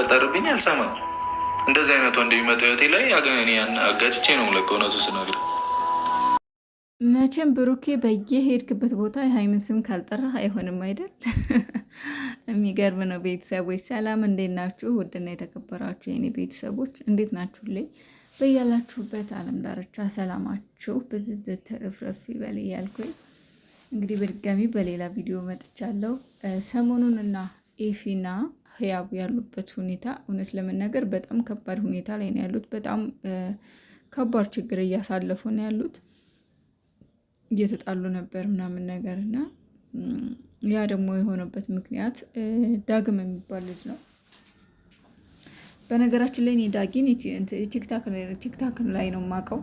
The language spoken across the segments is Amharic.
ሲፈጠርብኝ አልሰማም። እንደዚህ አይነት ወንድ የሚመጣ ህይወቴ ላይ አገነኔ አጋጭቼ ነው ለቀ እውነቱ ስነግር መቼም ብሩኬ በየሄድክበት ቦታ የሀይምን ስም ካልጠራ አይሆንም አይደል? የሚገርም ነው። ቤተሰቦች ሰላም፣ እንዴት ናችሁ? ውድና የተከበራችሁ የኔ ቤተሰቦች እንዴት ናችሁ? ላይ በያላችሁበት አለም ዳርቻ ሰላማችሁ ብዝት ትርፍረፍ ይበል እያልኩኝ እንግዲህ በድጋሚ በሌላ ቪዲዮ መጥቻለሁ። ሰሞኑንና ኤፊና ህያብ ያሉበት ሁኔታ እውነት ለመናገር በጣም ከባድ ሁኔታ ላይ ነው ያሉት። በጣም ከባድ ችግር እያሳለፉ ነው ያሉት። እየተጣሉ ነበር ምናምን ነገር እና ያ ደግሞ የሆነበት ምክንያት ዳግም የሚባል ልጅ ነው። በነገራችን ላይ እኔ ዳጊን ቲክታክ ላይ ነው የማውቀው።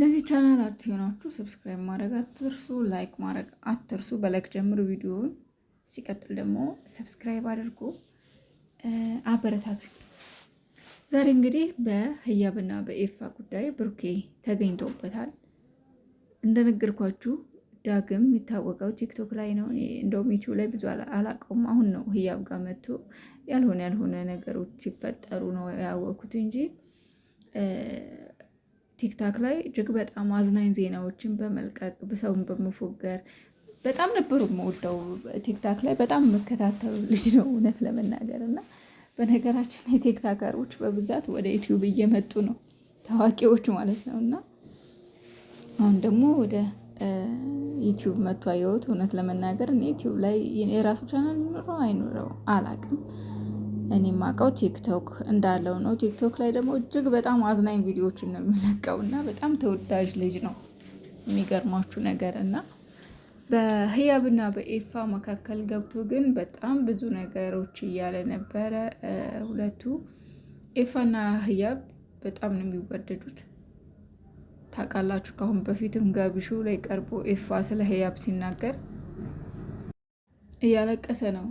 ለዚህ ቻናል አዲስ የሆናችሁ ሰብስክራይብ ማድረግ አትርሱ፣ ላይክ ማድረግ አትርሱ። በላይክ ጀምሩ ቪዲዮውን። ሲቀጥል ደግሞ ሰብስክራይብ አድርጉ። አበረታቱኝ። ዛሬ እንግዲህ በህያብና በኤፋ ጉዳይ ብሩኬ ተገኝቶበታል። እንደነገርኳችሁ ዳግም የሚታወቀው ቲክቶክ ላይ ነው። እንደውም ዩቲዩብ ላይ ብዙ አላቀውም አሁን ነው ህያብ ጋር መጥቶ ያልሆነ ያልሆነ ነገሮች ሲፈጠሩ ነው ያወቅኩት እንጂ ቲክታክ ላይ እጅግ በጣም አዝናኝ ዜናዎችን በመልቀቅ ሰውን በመፎገር በጣም ነበሩ የምወደው ቲክታክ ላይ በጣም የምከታተሉ ልጅ ነው እውነት ለመናገር እና በነገራችን የቲክታከሮች በብዛት ወደ ዩቲዩብ እየመጡ ነው ታዋቂዎች ማለት ነው እና አሁን ደግሞ ወደ ዩቲዩብ መጥቶ የወት እውነት ለመናገር እኔ ዩቲዩብ ላይ የራሱ ቻናል ይኖረው አይኖረው አላቅም። እኔ ማውቀው ቲክቶክ እንዳለው ነው። ቲክቶክ ላይ ደግሞ እጅግ በጣም አዝናኝ ቪዲዮዎችን ነው የሚለቀው እና በጣም ተወዳጅ ልጅ ነው የሚገርማችሁ ነገር እና በህያብና በኤፋ መካከል ገብቶ ግን በጣም ብዙ ነገሮች እያለ ነበረ። ሁለቱ ኤፋና ህያብ በጣም ነው የሚወደዱት ታውቃላችሁ። ከአሁን በፊትም ጋቢሹ ላይ ቀርቦ ኤፋ ስለ ህያብ ሲናገር እያለቀሰ ነው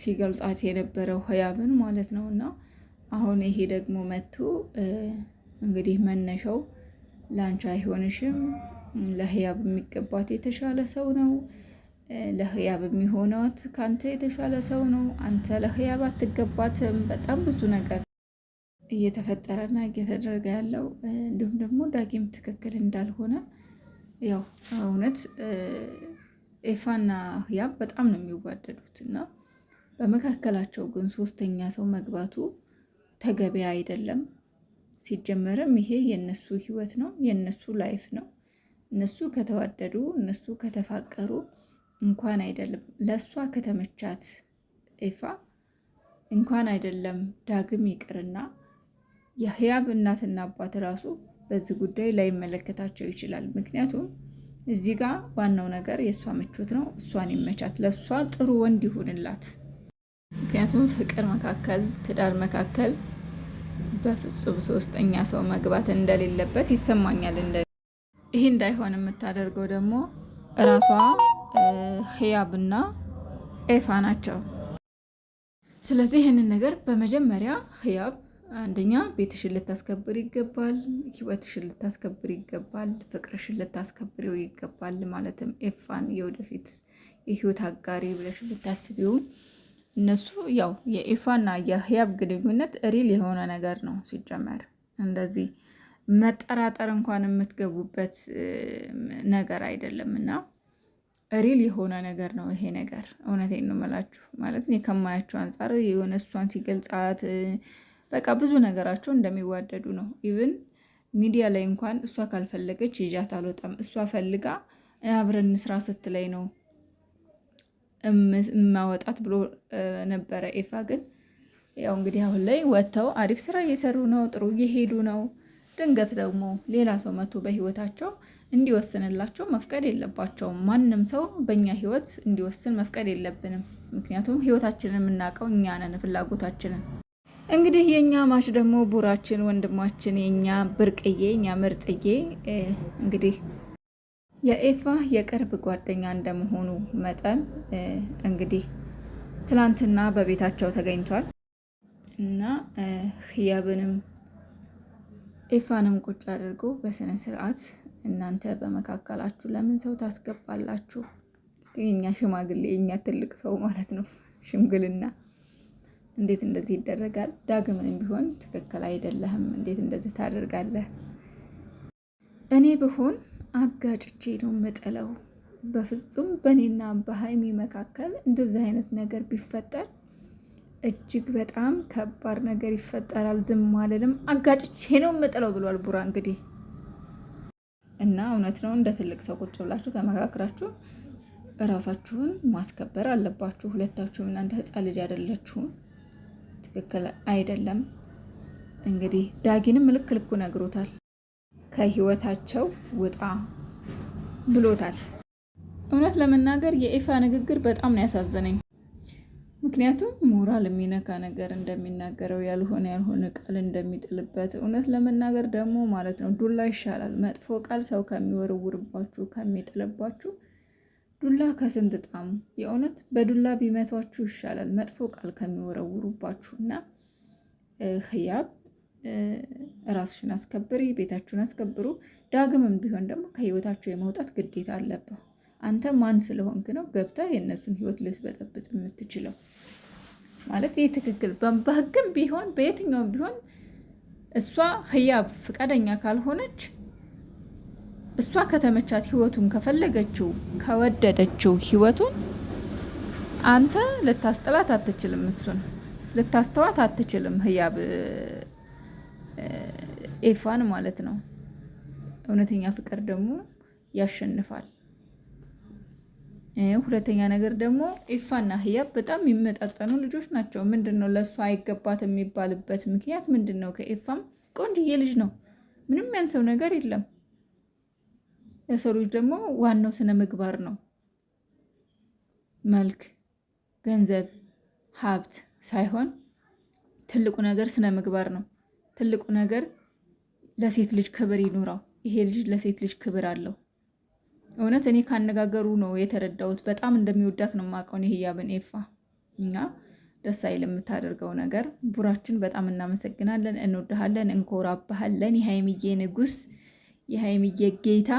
ሲገልጻት የነበረው ህያብን ማለት ነው። እና አሁን ይሄ ደግሞ መጥቶ እንግዲህ መነሻው ላንቺ አይሆንሽም ለህያብ የሚገባት የተሻለ ሰው ነው። ለህያብ የሚሆናት ካንተ የተሻለ ሰው ነው። አንተ ለህያብ አትገባትም። በጣም ብዙ ነገር እየተፈጠረና እየተደረገ ያለው እንዲሁም ደግሞ ዳጊም ትክክል እንዳልሆነ ያው እውነት ኤፋና ህያብ በጣም ነው የሚዋደዱት እና በመካከላቸው ግን ሶስተኛ ሰው መግባቱ ተገቢ አይደለም። ሲጀመርም ይሄ የነሱ ህይወት ነው፣ የነሱ ላይፍ ነው። እነሱ ከተዋደዱ እነሱ ከተፋቀሩ እንኳን አይደለም ለእሷ ከተመቻት ኤፋ እንኳን አይደለም ዳግም ይቅርና የህያብ እናትና አባት ራሱ በዚህ ጉዳይ ላይመለከታቸው ይችላል። ምክንያቱም እዚህ ጋር ዋናው ነገር የእሷ ምቾት ነው። እሷን ይመቻት፣ ለእሷ ጥሩ ወንድ ይሁንላት። ምክንያቱም ፍቅር መካከል ትዳር መካከል በፍጹም ሶስተኛ ሰው መግባት እንደሌለበት ይሰማኛል እንደ ይህ እንዳይሆን የምታደርገው ደግሞ ራሷ ህያብና ኤፋ ናቸው። ስለዚህ ይህንን ነገር በመጀመሪያ ህያብ አንደኛ ቤትሽን ልታስከብር ይገባል፣ ህይወትሽን ልታስከብር ይገባል፣ ፍቅርሽን ልታስከብሪው ይገባል። ማለትም ኤፋን የወደፊት የህይወት አጋሪ ብለሽ ብታስቢው እነሱ ያው የኤፋና የህያብ ግንኙነት ሪል የሆነ ነገር ነው ሲጀመር እንደዚህ መጠራጠር እንኳን የምትገቡበት ነገር አይደለም እና ሪል የሆነ ነገር ነው ይሄ ነገር። እውነቴን ነው የምላችሁ ማለት እኔ ከማያቸው አንጻር የሆነ እሷን ሲገልጻት በቃ ብዙ ነገራቸው እንደሚዋደዱ ነው። ኢቭን ሚዲያ ላይ እንኳን እሷ ካልፈለገች ይዣት አልወጣም፣ እሷ ፈልጋ አብረን ስራ ስትለኝ ነው ማወጣት ብሎ ነበረ። ኤፋ ግን ያው እንግዲህ አሁን ላይ ወጥተው አሪፍ ስራ እየሰሩ ነው፣ ጥሩ እየሄዱ ነው። ድንገት ደግሞ ሌላ ሰው መቶ በህይወታቸው እንዲወስንላቸው መፍቀድ የለባቸውም። ማንም ሰው በእኛ ህይወት እንዲወስን መፍቀድ የለብንም። ምክንያቱም ህይወታችንን የምናውቀው እኛ ነን፣ ፍላጎታችንን። እንግዲህ የእኛ ማሽ ደግሞ ቡራችን ወንድማችን፣ የእኛ ብርቅዬ፣ እኛ ምርጥዬ እንግዲህ የኤፋ የቅርብ ጓደኛ እንደመሆኑ መጠን እንግዲህ ትላንትና በቤታቸው ተገኝቷል እና ህያብንም ኤፋንም ቁጭ አድርጎ በስነ ስርዓት እናንተ በመካከላችሁ ለምን ሰው ታስገባላችሁ? የኛ ሽማግሌ የኛ ትልቅ ሰው ማለት ነው። ሽምግልና እንዴት እንደዚህ ይደረጋል? ዳግምንም ቢሆን ትክክል አይደለህም። እንዴት እንደዚህ ታደርጋለህ? እኔ ብሆን አጋጭቼ ነው የምጥለው። በፍጹም በእኔና በሀይሚ መካከል እንደዚህ አይነት ነገር ቢፈጠር እጅግ በጣም ከባድ ነገር ይፈጠራል። ዝም አልልም፣ አጋጭቼ ነው የምጥለው ብሏል ቡራ። እንግዲህ እና እውነት ነው እንደ ትልቅ ሰው ቁጭ ብላችሁ ተመካክራችሁ እራሳችሁን ማስከበር አለባችሁ። ሁለታችሁም እናንተ ህፃን ልጅ አይደለችሁም፣ ትክክል አይደለም። እንግዲህ ዳጊንም ልክ ልኩ ነግሮታል። ከህይወታቸው ውጣ ብሎታል። እውነት ለመናገር የኤፋ ንግግር በጣም ነው ያሳዘነኝ። ምክንያቱም ሞራል የሚነካ ነገር እንደሚናገረው ያልሆነ ያልሆነ ቃል እንደሚጥልበት እውነት ለመናገር ደግሞ ማለት ነው ዱላ ይሻላል። መጥፎ ቃል ሰው ከሚወረውርባችሁ ከሚጥልባችሁ ዱላ ከስንት ጣሙ የእውነት በዱላ ቢመቷችሁ ይሻላል መጥፎ ቃል ከሚወረውሩባችሁ። እና ህያብ ራስሽን አስከብሪ፣ ቤታችሁን አስከብሩ። ዳግምም ቢሆን ደግሞ ከህይወታችሁ የመውጣት ግዴታ አለብህ። አንተ ማን ስለሆንክ ነው ገብታ የእነሱን ህይወት ልትበጠብጥ የምትችለው? ማለት ይህ ትክክል በህግም ቢሆን በየትኛውም ቢሆን እሷ ህያብ ፈቃደኛ ካልሆነች እሷ ከተመቻት ህይወቱን ከፈለገችው ከወደደችው ህይወቱን አንተ ልታስጠላት አትችልም። እሱን ልታስተዋት አትችልም። ህያብ ኤፋን ማለት ነው። እውነተኛ ፍቅር ደግሞ ያሸንፋል። ሁለተኛ ነገር ደግሞ ኢፋና ህያ በጣም የሚመጣጠኑ ልጆች ናቸው። ምንድን ነው አይገባት የሚባልበት ምክንያት ምንድን ነው? ከኢፋም ቆንጅዬ ልጅ ነው። ምንም ያንሰው ነገር የለም። ለሰው ልጅ ደግሞ ዋናው ስነ ምግባር ነው። መልክ፣ ገንዘብ፣ ሀብት ሳይሆን ትልቁ ነገር ስነ ምግባር ነው። ትልቁ ነገር ለሴት ልጅ ክብር ይኑረው። ይሄ ልጅ ለሴት ልጅ ክብር አለው። እውነት እኔ ካነጋገሩ ነው የተረዳሁት። በጣም እንደሚወዳት ነው የማውቀውን የህያብን ኤፋ እና ደስ አይል የምታደርገው ነገር። ቡራችን በጣም እናመሰግናለን፣ እንወድሃለን፣ እንኮራባሃለን። የሀይሚዬ ንጉስ፣ የሀይሚዬ ጌታ።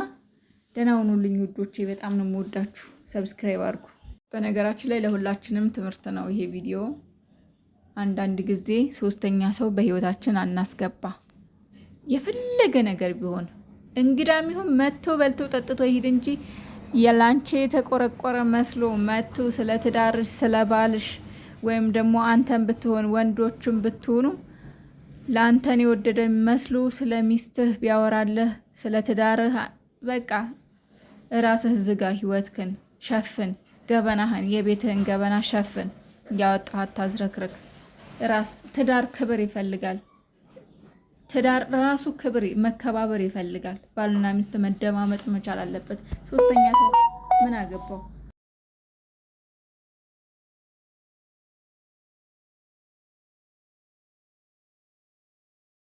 ደህና ሁኑልኝ ውዶቼ፣ በጣም ነው የምወዳችሁ። ሰብስክራይብ አድርጉ። በነገራችን ላይ ለሁላችንም ትምህርት ነው ይሄ ቪዲዮ። አንዳንድ ጊዜ ሶስተኛ ሰው በህይወታችን አናስገባ የፈለገ ነገር ቢሆን እንግዳ ይሁን መጥቶ በልቶ ጠጥቶ ይሄድ እንጂ የላንቺ የተቆረቆረ መስሎ መጥቶ ስለ ትዳርሽ ስለ ባልሽ ወይም ደግሞ አንተን ብትሆን ወንዶችም ብትሆኑ ለአንተን የወደደ መስሎ ስለ ሚስትህ ቢያወራለህ ስለ ትዳርህ በቃ እራስህ ዝጋ፣ ህይወትክን ሸፍን፣ ገበናህን የቤትህን ገበና ሸፍን፣ ያወጣህ አታዝረክርክ። ራስ ትዳር ክብር ይፈልጋል። ትዳር ራሱ ክብር መከባበር ይፈልጋል። ባልና ሚስት መደማመጥ መቻል አለበት። ሶስተኛ ሰው ምን አገባው?